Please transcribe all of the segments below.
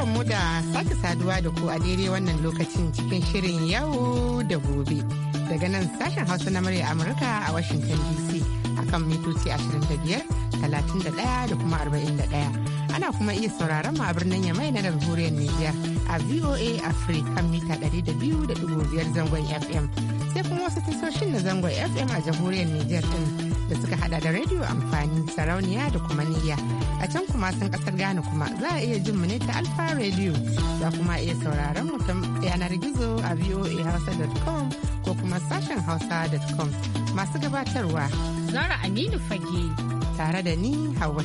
mu da sake saduwa da ku a daidai wannan lokacin cikin shirin yau da gobe daga nan sashen hausa na murya amurka a washington dc akan mitoci 25 31 da kuma 41 ana kuma iya sauraron mu a birnin yamai na jamhuriyar nijar a voa africa kan mita 200.5 zangon fm sai kuma wasu tasoshin na zangon fm a jamhuriyar nijar din da suka hada da rediyo amfani sarauniya da kuma niyya a can kuma sun kasar Ghana kuma za a iya jin mu ne ta Alfa Radio za kuma iya sauraron mu ta yanar gizo a voahausa.com ko kuma sashen hausa.com masu gabatarwa Zara Aminu Fage tare da ni Hauwa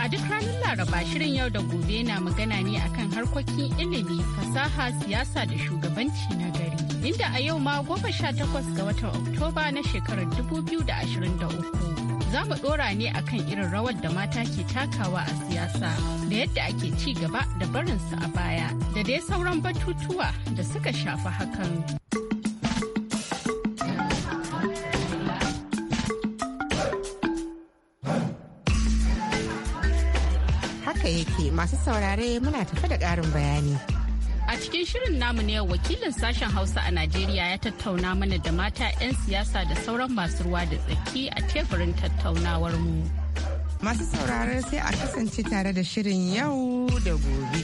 A duk ranar laraba shirin yau da gobe na magana ne akan harkokin ilimi fasaha siyasa da shugabanci na gari inda a yau ma goma sha takwas ga watan oktoba na shekarar da da uku. za mu ɗora ne akan irin rawar da mata ke takawa a siyasa da yadda ake ci gaba da barinsu a baya da dai sauran batutuwa da suka shafi hakan. Haka yake masu saurare muna tafi da ƙarin bayani. A cikin shirin namu ne wakilin sashen Hausa a Najeriya ya tattauna mana da mata 'yan siyasa da sauran masu ruwa da tsaki a teburin tattaunawar mu. Masu saurare sai a kasance tare da shirin yau da gobe.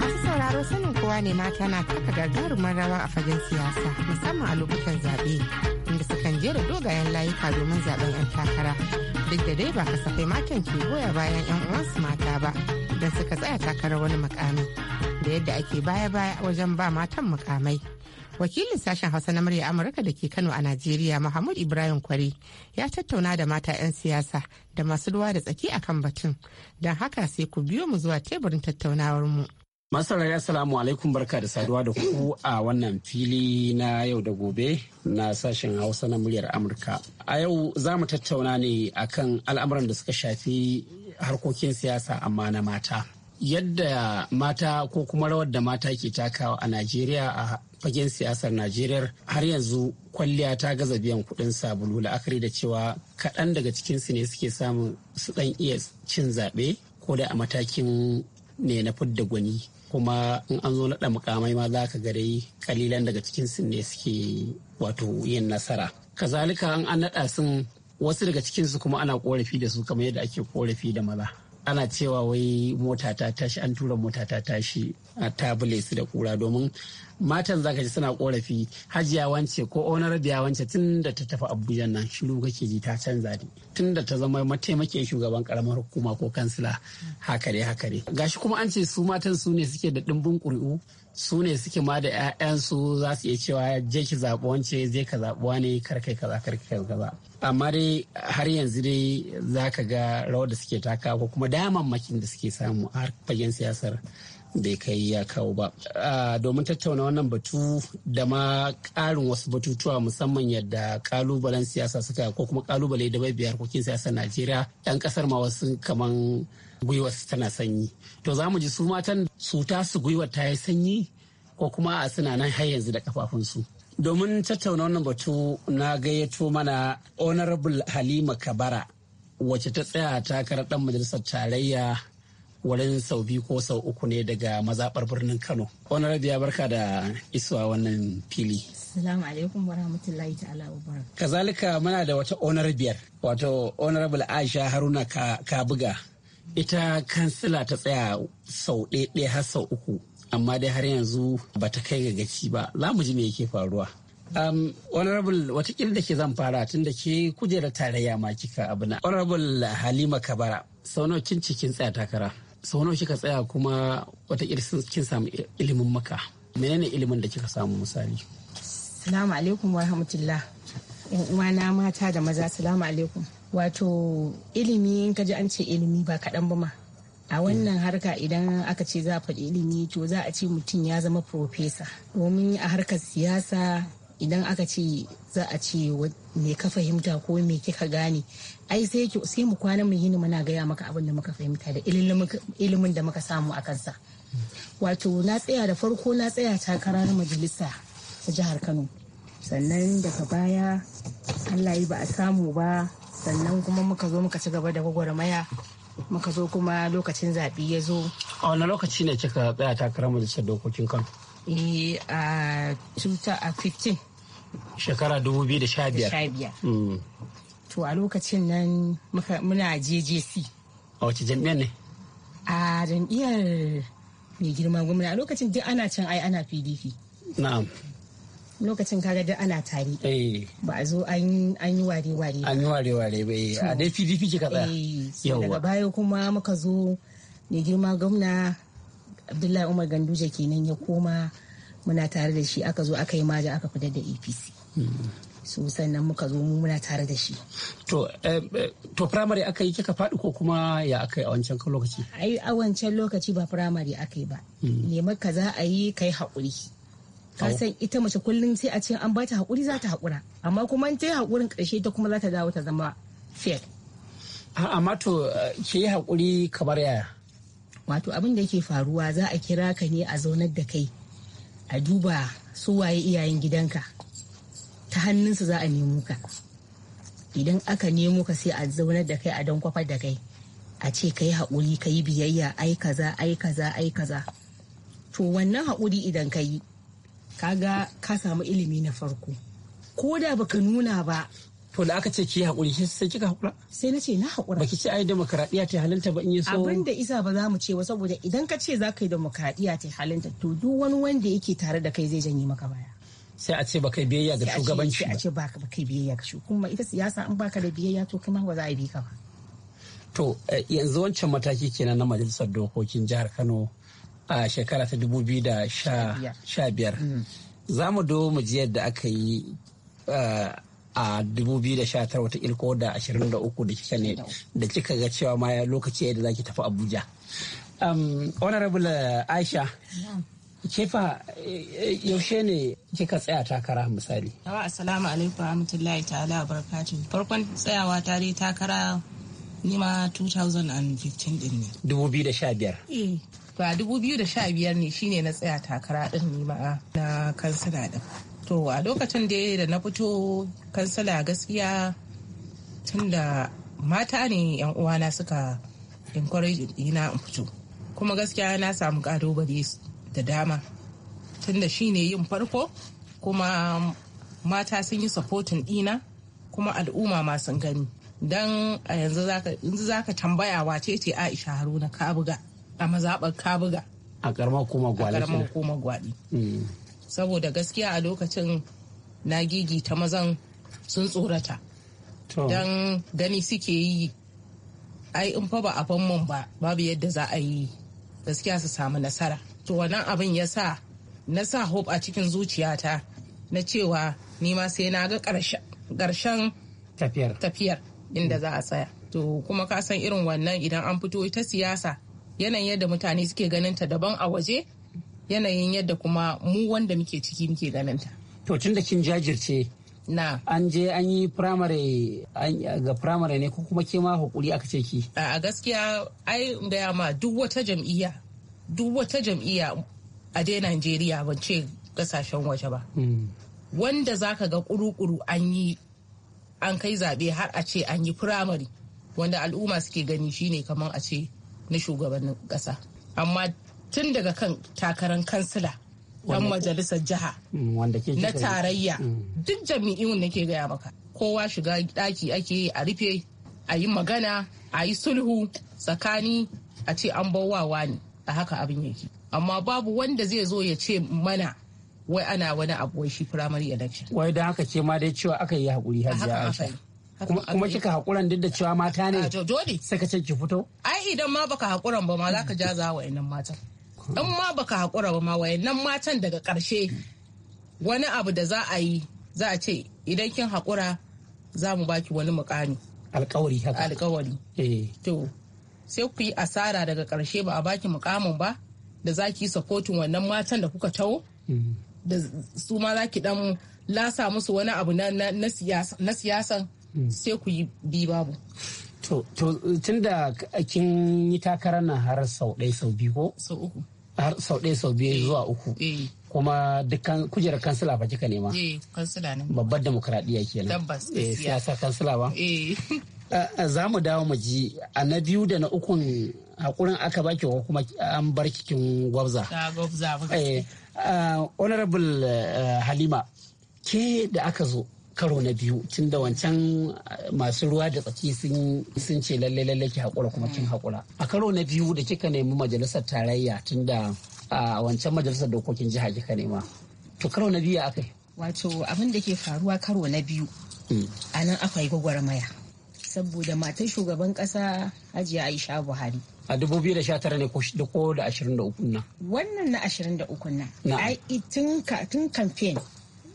Masu sauraro sanin kowa ne mata na taka gagarumin rawa a fagen siyasa musamman a lokutan zaɓe kan jera dogayen layuka domin zaben 'yan takara duk da dai ba kasafai matan ke goya bayan 'yan uwansu mata ba don suka tsaya takarar wani mukami da yadda ake baya-baya wajen ba matan mukamai wakilin sashen hausa na murya amurka da ke kano a najeriya Muhammad ibrahim kwari ya tattauna da mata 'yan siyasa da masu ruwa da tsaki akan batun don haka sai ku biyo mu zuwa teburin tattaunawar mu. Masarar Assalamu alaikum barka da saduwa da ku a wannan fili na yau da gobe na sashen Hausa na muryar Amurka. A yau za mu tattauna ne akan al'amuran da suka shafi harkokin siyasa amma na mata. Yadda mata ko kuma rawar da mata ke takawa a Najeriya a fagen siyasar Najeriya har yanzu kwalliya ta gaza biyan kuɗin sabulu la'akari da cewa kaɗan daga cikinsu ne suke samun su ɗan iya cin zaɓe ko da a matakin ne na fidda gwani kuma in an zo naɗa mukamai ma za ka gare kalilan daga cikin su ne suke wato yin nasara kazalika in an naɗa sun wasu daga cikinsu kuma ana korafi da su kamar yadda ake korafi da maza ana cewa wai mota ta tashi an tura mota ta tashi a bule su da kura domin matan zaka ji suna korafi hajiya wance ko onarabiya wance tun da ta tafi abuja nan shiru kake ji ta canza ne tun da ta zama mataimakin shugaban karamar hukuma ko kansila hakare hakare gashi kuma an ce su matan su ne suke da dimbin ƙuri'u su ne suke ma da 'ya'yansu za su iya cewa je ki zaɓi wance je ka zaɓuwa ne karkai kaza karkai kaza amma dai har yanzu dai za ga rawar da suke taka ko kuma damammakin da suke samu a fagen siyasar bai kai ya kawo ba domin tattauna wannan batu da ma ƙarin wasu batutuwa musamman yadda kalubalen siyasa suka ko kuma kalubale da bai biyar harkokin siyasar najeriya ɗan kasar ma wasu kaman gwiwarsu tana sanyi to za mu ji su matan su tasu gwiwar ta yi sanyi ko kuma a suna nan har yanzu da kafafunsu domin tattauna wannan batu na gayyato mana honorable halima kabara wace ta tsaya takarar Ɗan majalisar tarayya wurin sau biyu ko sau uku ne daga mazaɓar birnin kano honorable ya barka da isuwa wannan fili Assalamu alaikum wa rahmatullahi ta'ala wa Kazalika muna da wata onar biyar wato honorable Aisha Haruna Kabuga ita kansila ta tsaya sau ɗaya har sau uku amma dai har yanzu ba ta kai ga gaci ba za mu ji me yake faruwa. Um, honorable watakil da ke zan fara tun da ke kujerar tarayya ma kika abu na honorable Halima Kabara sau nawa kin cikin tsaya takara. sau nawa kika tsaya kuma wata watakila kin samu ilimin maka menene ilimin da kika samu misali salamu alaikum wa rahmatullah na mata da maza salamu alaikum wato ilimi in ka ji an ce ilimi ba kaɗan ba ma a wannan harka idan aka ce za a faɗi ilimi to za a ce mutum ya zama profesa domin a harkar siyasa idan aka ce za a ce me ka fahimta ko me kika gane ai sai sai mu kwana mu yini muna gaya maka abin da muka fahimta da ilimin da muka samu a kansa wato na tsaya da farko na tsaya takara na majalisa ta jihar kano sannan daga baya allah yi ba a samu ba sannan kuma muka zo muka ci gaba da gwagwarmaya muka zo kuma lokacin zaɓe ya zo a wani lokaci ne kika tsaya takarar majalisar dokokin kano E, a 2015 shekara 2015 mm. to a lokacin nan muna jjc a wace jam'iyyar ne a jam'iyyar mai girma gwamna a lokacin duk ana can ai ana pdp na'am lokacin kaga duk ana tare eh. ba a zo an yi ware-ware an yi ware-ware bai eh, a dai pdp ke kika tsaya eh, daga baya kuma muka zo mai girma gwamna abdullahi umar ganduje kenan ya koma muna tare da shi aka zo aka yi maja aka fitar da apc so sannan muka zo mu muna tare da shi to eh, eh, to primary aka yi kika faɗi ko kuma ya aka yi a wancan lokaci ai a wancan lokaci ba primary aka yi ba neman hmm. ka za a yi kai haƙuri ka san ita mace kullum sai a ce an ba ta haƙuri za ta haƙura amma kuma ta yi haƙurin ƙarshe ta kuma za ta dawo ta zama fair amma to eh, ke yi haƙuri kamar yaya wato abin da yake faruwa za a kira ka ne a zaunar da kai a duba su waye iyayen gidanka ta hannunsu za a nemo ka idan aka nemo ka sai a zaunar da kai a don kwafar da kai a ce ka yi haƙuri ka yi biyayya ai kaza ai kaza ai kaza to wannan haƙuri idan ka yi kaga ka samu ilimi na farko ko da baka nuna ba to da aka ce ki yi hakuri sai kika haƙura. sai na ce na haƙura. baki ce ai demokradiya ta halinta ba in yi so abin da isa ba za mu ce ba saboda idan ka ce za ka yi demokradiya ta halinta to duk wani wanda yake tare da kai zai janye maka baya sai a ce ba kai biyayya ga shugabanci ba a ce ba kai biyayya ga kuma ita siyasa in baka da biyayya to kuma ba za a bi ka ba to eh, yanzu wancan mataki kenan na majalisar dokokin jihar Kano a shekara ta biyar. Mm. za mu do mu ji yadda aka yi eh, a 2019 wata ko da 23 da kika ne da kika ga cewa ma lokaci da zaki tafi abuja um, honorable aisha kefa yaushe ne kika tsaya takara misali yawa assalamu alaikum rahmatullahi ta'ala barakatun. farkon tsayawa ta dai takara nima 2015 din ne 2015 eh ba 2015 ne shine na tsaya takara din nima na kansila din to a lokacin da da na fito kansala gaskiya tunda mata ne yan uwana suka encourage ina in fito kuma gaskiya na samu kalubale da dama shi ne yin farko kuma mata sun yi supporting dina kuma al'umma ma sun gani don a yanzu za ka tambaya wace ce aisha haruna kabuga a mazaɓar kabuga a karamar kuma gwaɗi saboda gaskiya a lokacin na gigi ta mazan sun tsorata don gani suke yi ai in fa ba a mun ba babu yadda za a yi gaskiya su samu nasara to wannan abin ya sa na sa hope a cikin zuciyata na cewa nima sai na ga ƙarshen tafiyar inda mm. za a tsaya to kuma ka san irin wannan idan an fito ta siyasa yanayin yadda mutane suke ganin ta daban a waje yanayin yadda kuma mu wanda muke ciki muke ganin ta to tun da kin jajirce na an je an yi primary ga primary ne ko kuma ke ma hukuri aka ce ki a gaskiya ai gaya ma duk wata jam'iyya duk wata jam'iyya a dai Najeriya ban ce gasashen waje ba hmm. wanda za ka ga kuru-kuru an yi an kai zaɓe har a ce an yi firamare wanda al'umma suke gani shine kamar a ce na shugabannin ƙasa amma tun daga kan takarar kansila dan majalisar jiha mm, na tarayya mm. duk jami'in da ke gaya maka kowa shiga daki ake yi a rufe a yi magana a yi sulhu tsakani a ce an bawawa ne a haka abin yake amma babu wanda zai zo ya ce mana wai ana wani abu wai shi primary election wai don haka ce ma dai cewa aka yi hakuri hajiya aisha kuma kika hakuran duk da cewa mata ne dole sai ka ce ki fito ai idan ma baka hakuran ba ma za ja jaza wa matan in ma baka hakura ba ma nan matan daga ƙarshe wani abu da za a yi za a ce idan kin hakura za mu baki wani mukami alkawari haka alkawari eh. to sai ku yi asara daga ƙarshe ba a baki mukamin ba da za ki sapotin wannan matan da kuka tawo mm. da su ma za ki dan lasa musu wani abu na siyasan mm. sai ku yi bi babu to tun da kin yi takarar na har sau ɗaya sau biyu ko sau uku har sau ɗaya sau biyu zuwa eh, uku eh. kuma dukkan kujerar kansila ba kika nema eh, babbar demokradiyya ke nan. siyasa kansila ba za mu dawo mu ji a na biyu da na ukun hakurin aka baki ko kuma an bar kikin gwabza honorable halima ke da aka zo karo na biyu tun da wancan ah, masu ruwa da tsaki sun ce lalle lalle ki haƙura kuma kin haƙura a karo na biyu da kika nemi majalisar tarayya tun da a ah, wancan majalisar dokokin jiha kika nema to karo na biyu akai wato abin da ke faruwa karo na biyu mm. a nan akwai gwagwarmaya saboda matan shugaban kasa hajiya aisha buhari a 2019 ne ko da 23 nan wannan na 23 nan tun kamfen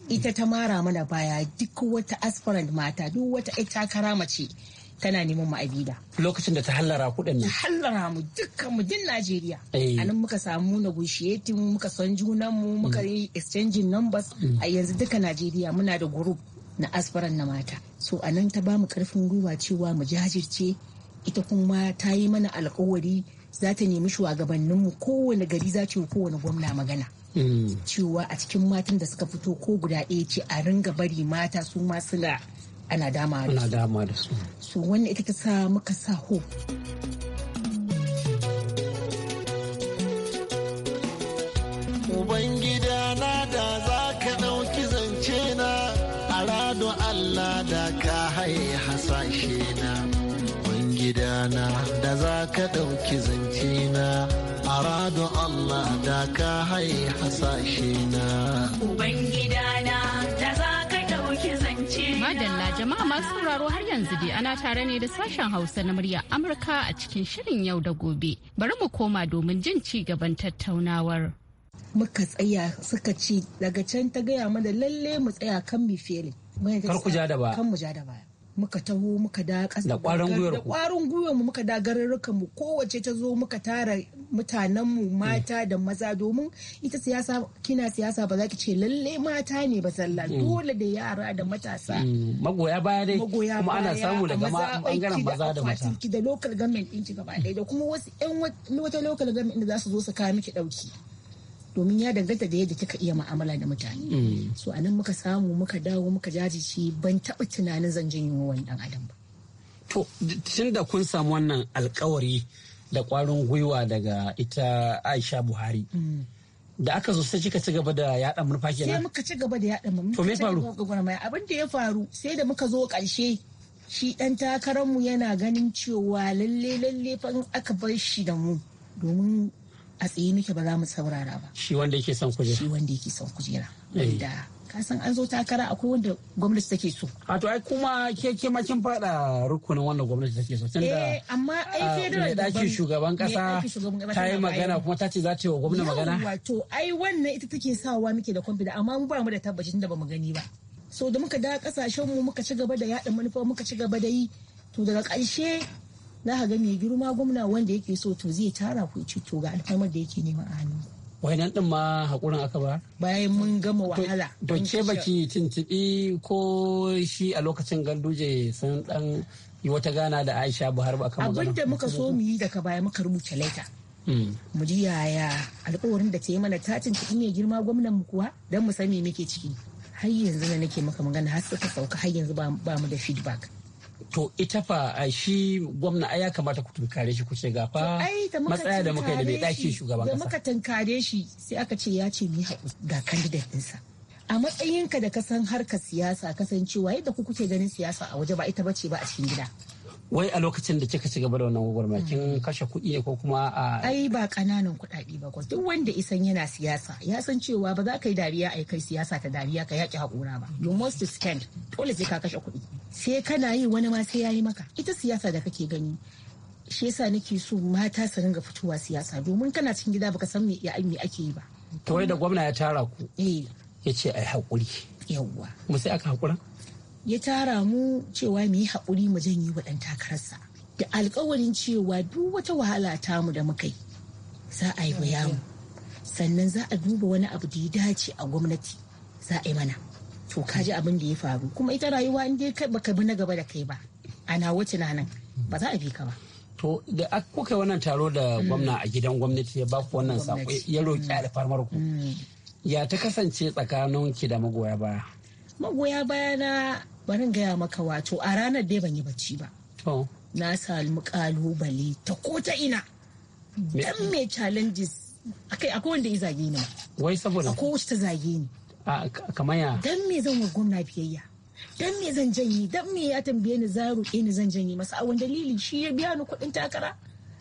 ita ta mara mana baya duk wata aspirant mata duk wata ita kara mace tana neman mu Lokacin da ta hallara kuɗin ne Hallara mu dukkan mu din Najeriya. Eh. A nan muka samu negotiating muka san junan mu muka mm. yi exchanging numbers mm. a yanzu duka Najeriya muna da group na aspirant na mata. So anan nan ta bamu karfin gwiwa cewa mu jajirce ita kuma ta yi mana alkawari za ta nemi shugabanninmu kowane gari za ta yi kowane gwamna magana. cewa a cikin matan da suka fito ko guda ɗaya ce a ringa bari mata su ma suna ana dama da su so wannan ita ta sa muka sa ho Ubangida na da za ka ɗauki zance na a rado Allah da ka haye hasashe na. Ubangida na da za ka ɗauki zance na arado Allah da ka hai hasashe na. Ubangidana da za ka ɗauki zance. Madalla jama'a masu sauraro har yanzu dai ana tare ne da sashen Hausa na murya Amurka a cikin shirin yau da gobe. Bari mu koma domin jin ci gaban tattaunawar. Muka tsaya suka ci daga can ta gaya mana lalle mu tsaya kan mi Kar ku ja da ba. Kan mu ja da ba. muka taho muka da ƙasa da ƙwarin gwiwar mu muka da garurruka mu kowace ta zo muka tara mutanen mu mm. mata da maza domin ita siyasa kina siyasa ba za ki ce lalle mata ne ba sallah mm. dole da yara da matasa mm. magoya baya dai kuma ana samu daga bangaren maza da mata da local government ɗin ki gaba ɗaya da kuma wasu 'yan wata local government da za su zo su kawo miki ɗauki domin ya danganta da yadda kika iya ma'amala da mutane mm. so anan muka samu muka dawo muka jajice ban taɓa tunanin zan jin yunwa wani dan adam ba to tun da kun samu wannan alkawari da kwarin gwiwa daga ita aisha buhari mm. da aka zo sai kika ci gaba da yaɗa murfa kenan sai muka ci gaba da yaɗa murfa to me faru abin da ya faru sai da muka zo ƙarshe shi ɗan takararmu yana ganin cewa lalle lalle fa aka bar shi da mu domin a tsaye muke ba za mu saurara ba shi wanda yake son kujera shi wanda yake son kujera eh. wanda kasan an zo takara akwai wanda gwamnati take so. A to ai kuma ke ke ma kin fada rukunin wanda gwamnati take so tunda eh amma ai ah, federal daki shugaban kasa ta yi magana kuma ta ce za ta yi wa gwamnati magana. Wato ai wannan ita take sawa muke da kwamfida amma mu ba mu da tabbaci tunda ba mu gani ba. So da muka da kasashen mu muka ci gaba da yada manufa muka ci gaba da yi to daga ƙarshe Na ga mai girma gwamna wanda yake so to zai tara ku ci to ga alfarmar da yake nema a hannu wainan din ma hakurin aka ba bayan mun gama wahala to ke baki tuntubi ko shi a lokacin ganduje sun dan yi wata gana da Aisha Buhari ba kan magana abinda muka so mu yi daga baya muka rubuta laita. Hmm. mu ji yaya alƙawarin da ta yi mana ta tuntubi mai girma gwamnan mu kuwa dan mu sani muke ciki har yanzu ne nake maka magana har suka sauka har yanzu ba mu da feedback to ita fa shi gwamna ya kamata ku tunkare shi ku ce ga fa matsaya da muka yi da mai daki shugaban kasa da muka tunkare shi sai aka ce ya ce ni ga candidate ɗinsa a matsayinka da ka san harkar siyasa kasancewa yadda ku kuke ganin siyasa a waje ba ita bace ba a cikin gida wai a lokacin da kika ci gaba da wannan gwagwarmaya kin mm. kashe kuɗi ko kuma a ai ba kananan kuɗaɗe ba ko duk wanda isan yana siyasa ya san cewa ba za ka yi dariya a kai siyasa ta dariya ka yaki haƙura ba you must spend dole sai ka kashe kuɗi sai kana yi wani ma sai yayi maka ita siyasa da kake gani shi yasa nake so mata su ringa fitowa siyasa domin kana cikin gida baka san me ake yi ba Kawai da gwamna ya tara ku eh yace ce ai haƙuri yawwa Mu sai aka haƙura ya tara mu cewa mu yi haƙuri mu janye wa ɗan takararsa da alkawarin cewa duk wata wahala ta mu da muka yi za a yi waya mu sannan za a duba wani abu da ya dace a gwamnati za a yi mana to ka ji abin da ya faru kuma ita rayuwa in dai baka bi na gaba da kai ba ana wace nan ba za a bi ka ba to da kuka wannan taro da mm. gwamna a gidan gwamnati ya baku wannan sako ya roƙi mm. alfarmar ku mm. ya ta kasance tsakanin ki da magoya baya magoya baya na bari in gaya maka wato a ranar dai ban yi bacci ba na samu kalubale ta ko ta ina dan me challenges akai akwai wanda ya zage ni wai saboda akwai wacce ta zage ni kamaya dan me zan wa gwamna biyayya dan me zan janyi dan me ya tambaye ni za roƙe ni zan janyi masa a wani dalili shi ya biya ni kuɗin takara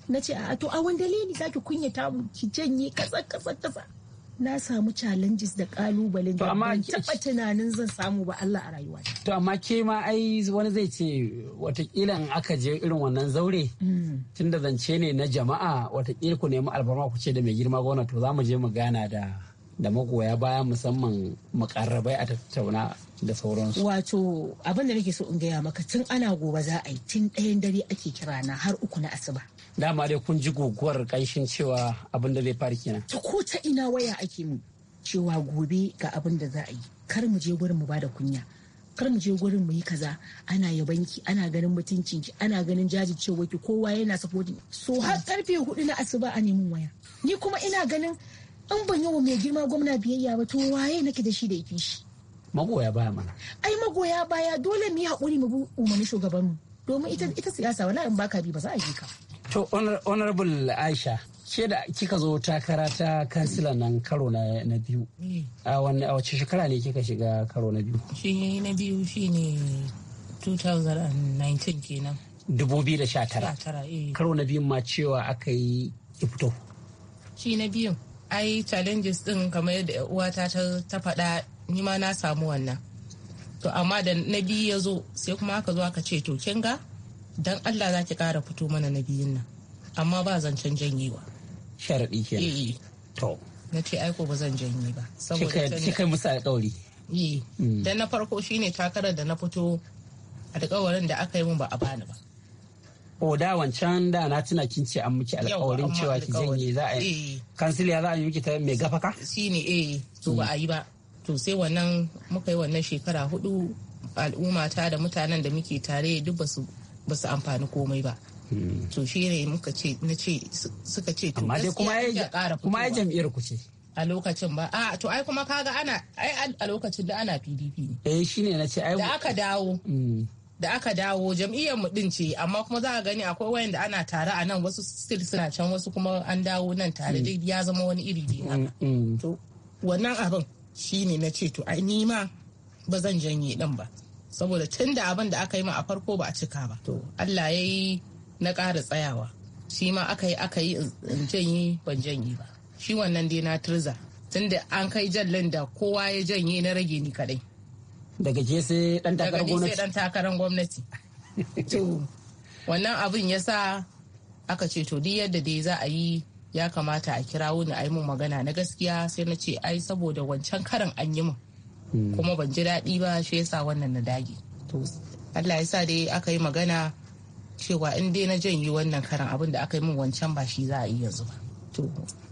na ce a to a wani dalili za ki kunyata mu ki janye kasa kasa kasa na samu challenges da kalubalen da ban taba tunanin zan samu ba Allah a rayuwa to amma ke ma ai wani zai ce watakila in aka je irin wannan zaure hmm. tunda zance ne na jama'a watakila ku nemi albarma ku ce da mai girma gona to za mu je mu gana da da magoya baya musamman makarrabai a tattauna da sauransu. Wato abinda nake so in gaya maka tun ana gobe za a yi tun ɗayan dare ake kirana har uku na asuba. dama dai kun ji guguwar kanshin cewa abin da zai fara kenan ta ko ta ina waya ake mu cewa gobe ga abin da za a yi kar mu je gurin mu ba da kunya kar mu je gurin mu yi kaza ana yabanki ana ganin mutuncin ki ana ganin jajircewa ki kowa yana supporting so har karfe hudu na asuba a min waya ni kuma ina ganin in ban yi mai girma gwamna biyayya ba to waye nake da shi da yake shi magoya baya mana ai magoya baya dole mu yi hakuri mu bi umarni shugabanmu domin ita ita siyasa wala in baka bi ba za a yi ka To, Honorable Aisha, ke da kika zo takara ta kansila nan karo na biyu. Eh. A a wace shekara ne kika shiga karo na biyu? Shi na biyu shi ne 2019 kenan. 2019. Eh. Karo na biyun ma cewa aka yi ifto. Shi na biyun. Ai challenges din kamar yadda uwata ta faɗa ni ma na samu wannan. To amma da na biyu ya zo sai kuma aka zo aka ce to kin ga dan Allah za ki kara fito mana na biyun nan amma ba zancen janyewa sharadi ke eh, eh. to na ce aiko ba zan janye ba saboda Ki kai musu alƙawari eh hmm. dan na farko shine takarar da na fito alƙawarin da aka yi min ba a bani ba o da wancan da na tuna kin ce an miki alƙawarin cewa ki janye za a yi eh, kansiliya za a yi miki ta mai gafaka shine eh to ba a yi ba to sai wannan muka yi wannan shekara hudu al'umma ta da mutanen da muke tare duk ba su ba su amfani komai ba hmm. to shi ne muka ce na ce suka ce to gaskiya kuma ya Kuma ya jam'iyyar ku ce a lokacin ba a to ai kuma kaga ana ai a lokacin da ana PDP eh shine na ce ai da aka dawo hmm. da aka dawo jam'iyyar mu din ce amma kuma za ka gani akwai wayan da ana tare a nan wasu still suna can wasu kuma an dawo nan tare hmm. duk ya zama wani iri ne to wannan abin shine na ce to ai ni ma ba zan janye din ba saboda tun da abin da aka yi ma a farko ba a cika ba to Allah ya yi na ƙara tsayawa shi ma aka yi aka yi in janye ban janye ba shi wannan dai na turza tun da an kai jallin da kowa ya janye na rage ni kadai daga je sai takarar gwamnati dan takarar gwamnati to wannan abin ya sa aka ce to duk yadda dai za a yi ya kamata a kirawo ni a yi mun magana na gaskiya sai na ce ai saboda wancan karin an yi mun Mm. kuma ban ji daɗi ba shi yasa wannan na dage to Allah ya sa dai aka yi magana cewa in dai na janye wannan karan abin da aka yi min wancan ba shi za a yi yanzu ba to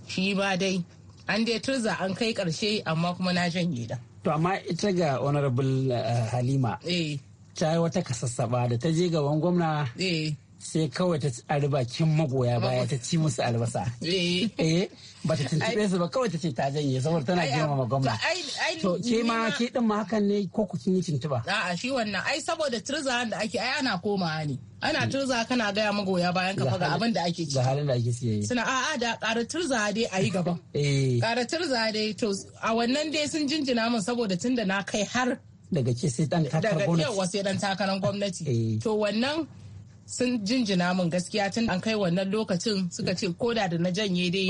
shi ma dai an dai turza an kai karshe amma kuma na janye da to amma ita ga honorable eh, halima eh. ta yi wata kasassaba da ta je gaban gwamna eh. sai kawai ta ari bakin magoya baya ta ci musu albasa. Eh. eh ba ta tuntube su ba kawai ta ce ta janye saboda tana ma gwamna. To ke ma ke din ma hakan ne ko ku kin yi tuntuba. A'a shi wannan ai saboda turza da ake ai ana komawa ne. ana mm. turza kana gaya magoya bayan ka faga abin da ake Da halin da ake siye. Eh. Suna a'a da ƙara turza dai a yi gaban. Eh. Ƙara turza dai to a wannan dai sun jinjina min saboda tunda na kai har. Daga ke sai dan takarar gwamnati. Daga yau takarar gwamnati. To wannan sun jinjina min gaskiya tun an kai wannan lokacin suka ce ko da na janye dai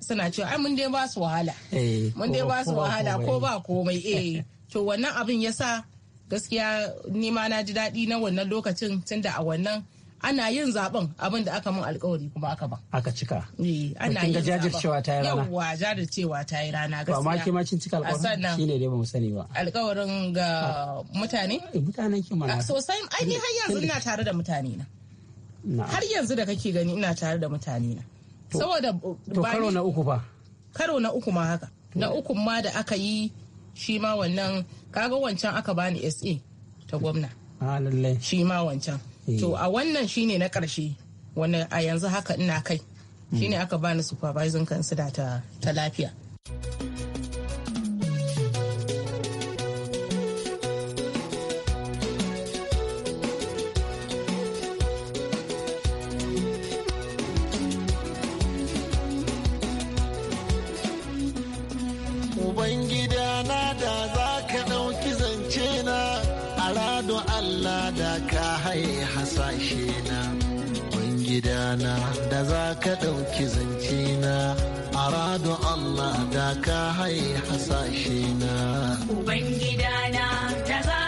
suna cewa ai mun dai ba su wahala eh, mun dai ba su wahala ko ba komai eh to wannan abin yasa gaskiya ni ma na ji daɗi na wannan lokacin tunda a wannan ana yin zaben abin da aka min alkawari kuma aka ban aka cika eh ana yin jajircewa ta yi rana yawa jajircewa ta yi rana gaskiya amma ke ma cin cika alkawarin shine dai bamu sani ba alkawarin ga mutane eh, mutanen ki mana sosai ai ni har yanzu ina tare da mutane na har yanzu da kake gani ina tare da mutane na saboda to karo na uku fa karo na uku ma haka na uku ma da aka yi shi ma wannan kaga wancan aka bani SA ta gwamna a ah, lallai shi ma wancan to eh. a wannan shine na ƙarshe wani a yanzu haka ina kai shine hmm. aka bani supervising consider ta ta lafiya Ubangida na da Allah da ka haye hasashe na gidana da za ka ɗauki zance na arado Allah da ka haye hasashe na Ubangidana da za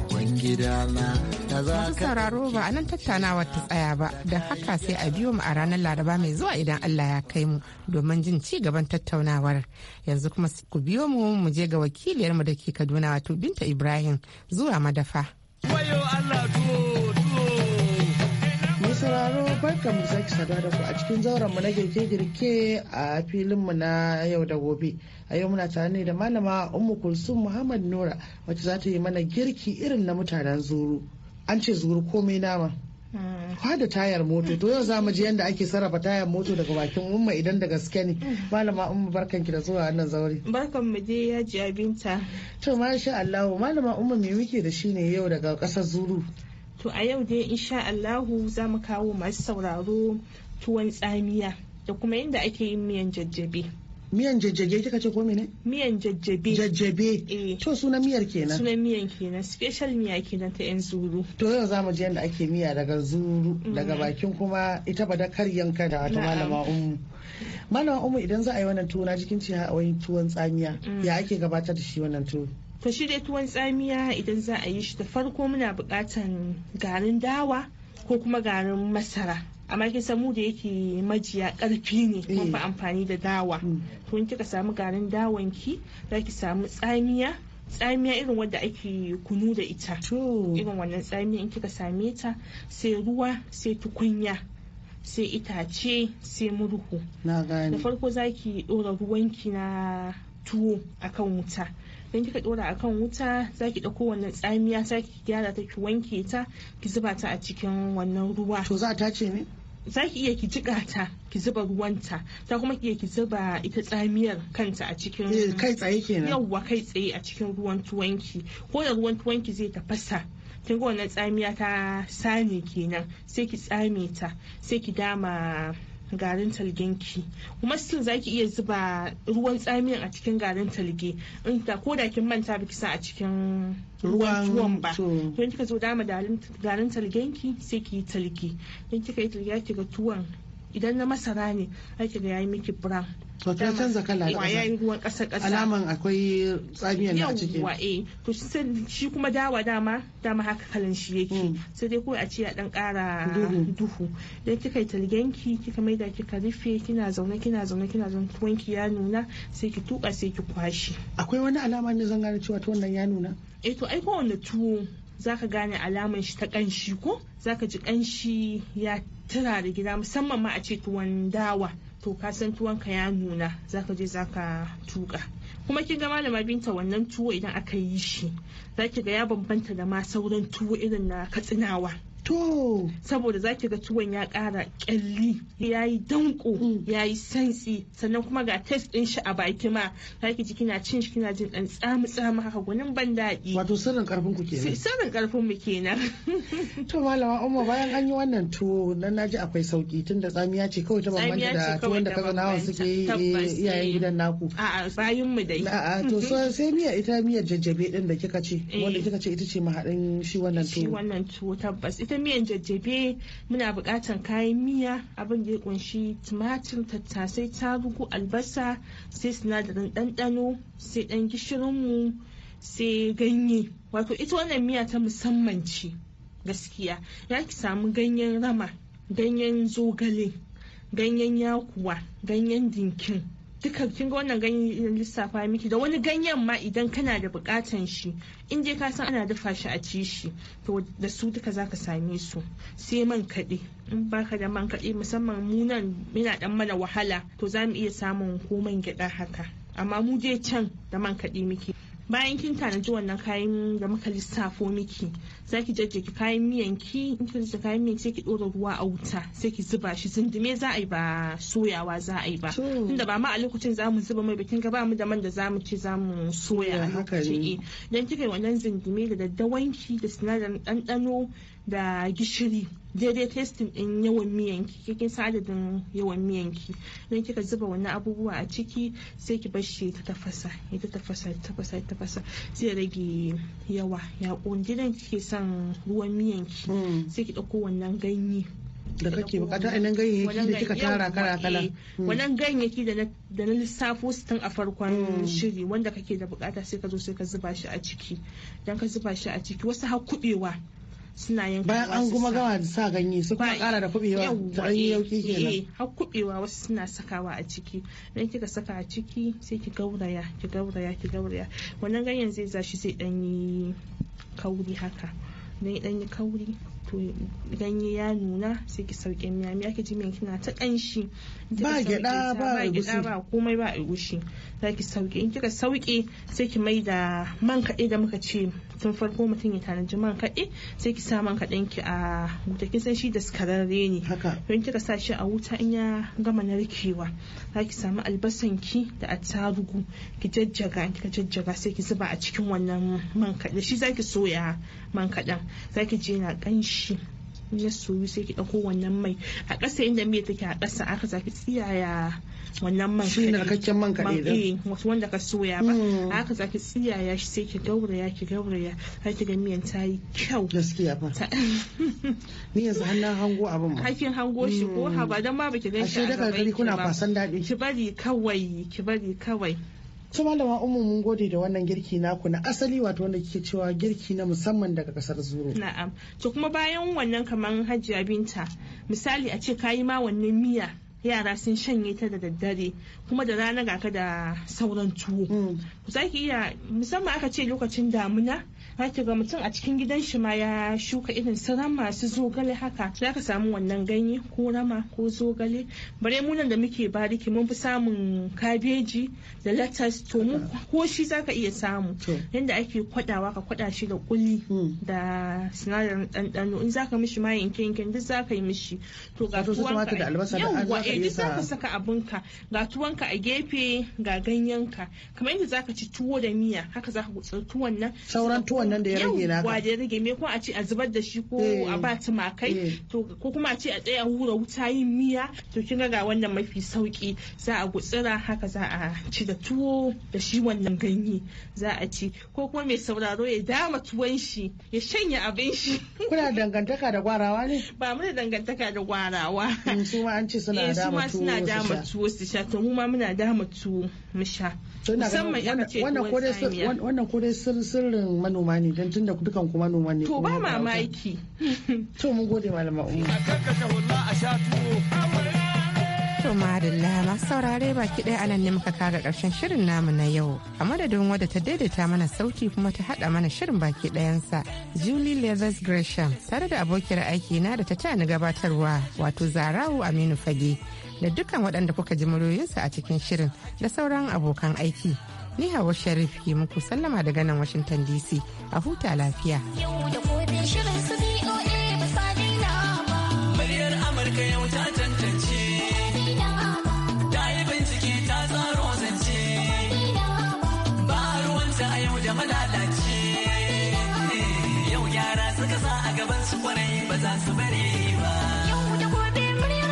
masu sauraro ba a nan tattaunawar ta tsaya ba da haka sai a biyo mu a ranar laraba mai zuwa idan allah ya kai mu domin jin ci gaban tattaunawar yanzu kuma ku biyo mu mu je ga wakiliyarmu da ke kaduna wato binta ibrahim zuwa madafa wayo allah tuwo sauraro barka mu sake sada da ku a cikin zauren mu na girke-girke a filin mu na yau da gobe. A yau muna tare ne da malama Ummu Kulsum Muhammad Nura wacce za ta yi mana girki irin na mutanen zuru. An ce zuru komai nama. Hmm. Kwada tayar moto to yau za mu ji yadda ake sarrafa tayar moto daga bakin umma idan da gaske ne. Hmm. Malama umma barkan ki da zuwa wannan zaure. Barkan mu je ya ji abinta. To masha Allah malama umma me muke da shi ne yau daga kasar Zuru. to a yau dai insha Allahu za mu kawo masu sauraro tuwon tsamiya da kuma inda ake yin miyan jajjabe. miyan jajjabe kika ce ko mene miyan jajjabe jajjabe eh to sunan miyar kenan sunan miyan kenan special miya kenan ta yan zuru to yau za mu ji yadda ake miya daga zuru mm. daga bakin kuma ita ba da ka da wata malama ummu malama ummu idan za a yi wannan tuwo na jikin ce a wani tuwon tsamiya mm. ya ake gabatar da shi wannan tuwo ta shi tuwon tsamiya idan za a yi shi da farko muna bukatan garin dawa ko kuma garin masara amma kin san mu da yake majiya karfi ne kuma fi eh. amfani da dawa hmm. to in kika samu garin dawan dawanki ki samu tsamiya tsamiya irin wadda ake kunu da ita irin wannan tsamiya in kika same ta sai ruwa sai tukunya sai itace sai murhu da farko za ki ɗora ruwanki na tuwo akan wuta idan kika ɗora a kan wuta za ki dauko wannan tsamiya za ki gyara ta ki wanke ta ki zuba ta a cikin wannan ruwa to za ta ce ne za ki iya ki jiƙa ta ki zuba ruwanta ta kuma ki iya ki zuba ita tsamiyar kanta a cikin eh, kai tsaye kenan yawwa kai tsaye a cikin ruwan tuwanki ko da ruwan tuwanki zai tafasa kin ga wannan tsamiya ta same kenan sai ki tsame ta sai ki dama garin talgenki kuma still zaki iya zuba ruwan tsamiyan a cikin garin talge in ta ko da kin manta biki sa a cikin ruwan ba don kika zo dama garin talgenki sai ki yi talge don kika yi talge ki ga tuwon idan na masara ne ake da yayi miki brown wato ta canza kala da ya yi ruwan ƙasa ƙasa alaman akwai tsamiya na cikin. yawa eh to shi kuma dawa dama dama haka kalan shi yake mm. sai dai kawai a ce ya dan ƙara duhu dan kika yi talgenki kika maida kika rufe kina zaune kina zaune kina zaune tuwanki ya nuna sai ki tuka sai ki kwashi akwai wani alama ne zan gane cewa ta wannan ya nuna eh to ai kowanne tuwo zaka gane alaman shi ta kanshi ko zaka ji kanshi ya da gida musamman ma a ce tuwon dawa to ka san tuwon ka ya nuna zaka je zaka tuka kuma kin ga malama binta wannan tuwo idan aka yi shi zaki ga ya bambanta da ma sauran tuwo irin na katsinawa To. Saboda za ki ga tuwon ya ƙara ƙyalli ya yi danko mm. ya yi santsi sannan kuma ga test ɗin shi a baki ma za ki ji kina cin shi kina jin ɗan tsamu tsamu haka gwanin ban daɗi. Wato sirrin ƙarfin ku kenan. Sirrin ƙarfin mu kenan. To malama Umma bayan an yi wannan tuwo nan naji akwai sauki tunda tsamiya ce kawai ta bambanta da tuwon da kaza nawa suke eh, eh. iyayen gidan naku. A'a bayan mu dai. A'a to sai miya ita miyar jajjabe ɗin da kika ce wanda eh. kika ce ita ce mahaɗin shi wannan tuwo. Shi wannan tuwo tabbas ita miyan jajjabe muna buƙatar kayan miya abin da ya kunshi tumatir tattasai tarugu albasa sai sinadarin ɗanɗano sai ɗan gishirinmu sai ganye wato ita wannan miya ta musamman ce gaskiya ya ki samu ganyen rama ganyen zogale ganyen yakuwa ganyen dinkin duka kin ga wannan ganyen lissafa miki da wani ganyen ma idan kana da bukatan shi in je ka san ana dafa shi a ci shi to da su duka zaka same su sai man kaɗe in baka da man kaɗe musamman mu nan yana dan mana wahala to za mu iya samun ko gyaɗa haka amma mu je can da man kaɗe miki bayan kin tanaji wannan kayan da muka lissafo miki za ki jajjage kayan miyan ki in kin jajjage kayan miyan sai ki dora ruwa a wuta sai ki zuba shi me za a yi ba soyawa za a yi ba tunda ba ma a lokacin za mu zuba mai bikin ka ba mu da man da za mu zamu za mu soya eh, a lokacin eh, dan kika wannan zindume da daddawanki da sinadarin ɗanɗano da gishiri daidai testin din yawan miyanki kikin san adadin yawan ki don kika zuba wani abubuwa a ciki sai ki bar shi ta tafasa ya tafasa ta tafasa ta tafasa zai rage yawa ya gidan kike son kan ruwan miyanki mm. sai ki ɗauko wannan ganye da kake bukata ainihin eh, mm. ganyayyaki da kika tara kala kala wannan ganyayyaki da na lissafo su tun a farkon mm. shiri wanda kake da bukata sai ka zo sai ka zuba shi a ciki dan ka zuba shi a ciki wasu har kubewa suna yin bayan an kuma gama da sa ganye su kuma kara da kubewa ta yi eh, yauki kenan eh, har kubewa wasu suna sakawa a ciki dan kika saka a ciki sai ki gauraya ki gauraya ki gauraya wannan ganyen zai zashi zai dan yi kauri haka na dan yi kauri to ganye ya nuna sai ki sauke miya miya ki ji miyan kina ta kanshi ba gida ba gyada ba komai ba a gushi za ki sauke in kika sauke sai ki mai da man kaɗe da muka ce tun farko mutum ya tanaji man kaɗe sai ki sa man kaɗanki ki a wuta kin san shi da skararre ne don kika sa shi a wuta in ya gama narkewa za ki samu albasan ki da attarugu ki jajjaga kika jajjaga sai ki zuba a cikin wannan man kaɗe shi za ki soya man kaɗan za ki je na ƙanshi ya soyu sai ki ɗauko wannan mai a ƙasa inda mai take a ƙasa aka zafi tsiyaya wannan man shi narkakken man kaɗai ɗin eh, wasu wanda ka soya ba hmm. aka zafi tsiyaya shi sai ki gauraya ki gauraya har ki ga miyan ta yi kyau gaskiya ba ni yanzu hannun hango abin ba hakin hango shi ko hmm. ha ba dan ma baki gan shi a gaban ki ba ki bari kawai ki bari kawai su malama umu mun gode da wannan girki naku na asali wato wanda kike cewa girki na musamman daga kasar zuru na'am to kuma bayan wannan kamar hajiya binta misali a ce kayi ma wannan miya yara sun shanye ta da daddare kuma da rana ga ka da sauran tuwo mm. za ki iya musamman aka ce lokacin damuna haki ga mutum a cikin gidan shi ma ya shuka irin su rama su zogale haka za ka samu wannan ganye ko rama ko zogale bare munan da muke bariki mun fi samun kabeji da latas to mu ko shi za ka iya samu yadda ake kwadawa ka kwada shi da kuli hmm. da sinadarin ɗanɗano in za ka mishi ma yanke yanke duk za ka yi mishi to ga tuwanka yawwa eh duk za ka saka abinka ga tuwanka a gefe ga ganyenka kamar yadda za ka ci tuwo da miya haka za ka gutsa tuwon nan sauran tuwo wannan da ya rage naka yawwa ya rage me ko a ce a zubar da shi ko eh, a ba tumakai eh. to ko kuma a ce a tsaya hura wuta yin miya to kin ga wannan mafi sauki za a gutsira haka za a ci da tuwo da shi wannan ganye za a ci ko kuma mai sauraro ya dama tuwon shi ya shanya abin shi kuna dangantaka da gwarawa ne ba mu da dangantaka da gwarawa mm, su ma an ce suna eh, dama tuwo suna dama tuwo su sha to mu ma muna dama tuwo mu sha musamman wannan kodai sirrin manoma noma ne don da dukan kuma noma ne. To ba mamaki. To mun gode malama umu. To madalla masu saurare baki ɗaya anan ne muka kaga ƙarshen shirin namu na yau. A madadin wadda ta daidaita mana sauti kuma ta haɗa mana shirin baki ɗayansa. Julie Leathers Gresham tare da abokiyar aiki na da ta tani gabatarwa wato Zarawu Aminu Fage da dukkan waɗanda kuka ji muryoyinsa a cikin shirin da sauran abokan aiki. Ni Hawa Sharif ke muku sallama daga nan Washington DC. A huta lafiya. Yau da